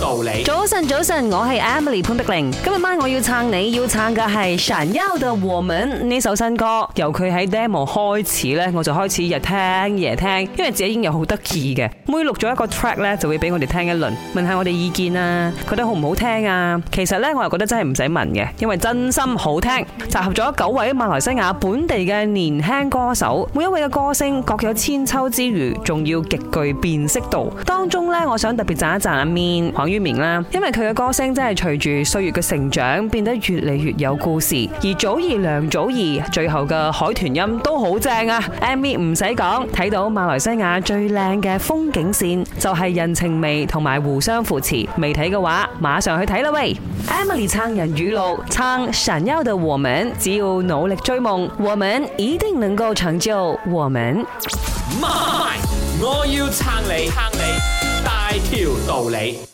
道理。早晨，早晨，我係 Emily 潘碧玲。今日晚上我要撐你要撐嘅係《閃耀的我們》呢首新歌。由佢喺 demo 開始咧，我就開始日聽夜聽，因為自己已經有好得意嘅。每錄咗一個 track 咧，就會俾我哋聽一輪，問下我哋意見啊，覺得好唔好聽啊？其實咧，我又覺得真係唔使問嘅，因為真心好聽。集合咗九位馬來西亞本地嘅年輕歌手，每一位嘅歌聲各有千秋之餘，仲要極具辨識度。當中咧，我想特別讚一讚阿面。于明啦，因為佢嘅歌聲真係隨住歲月嘅成長，變得越嚟越有故事。而祖兒梁祖兒最後嘅海豚音都好正啊！MV 唔使講，睇到馬來西亞最靚嘅風景線，就係人情味同埋互相扶持。未睇嘅話，馬上去睇啦喂！Emily 撐人語錄，撐神耀的我們，只要努力追夢，我們一定能夠成就我們。我要撐你，撐你大條道理。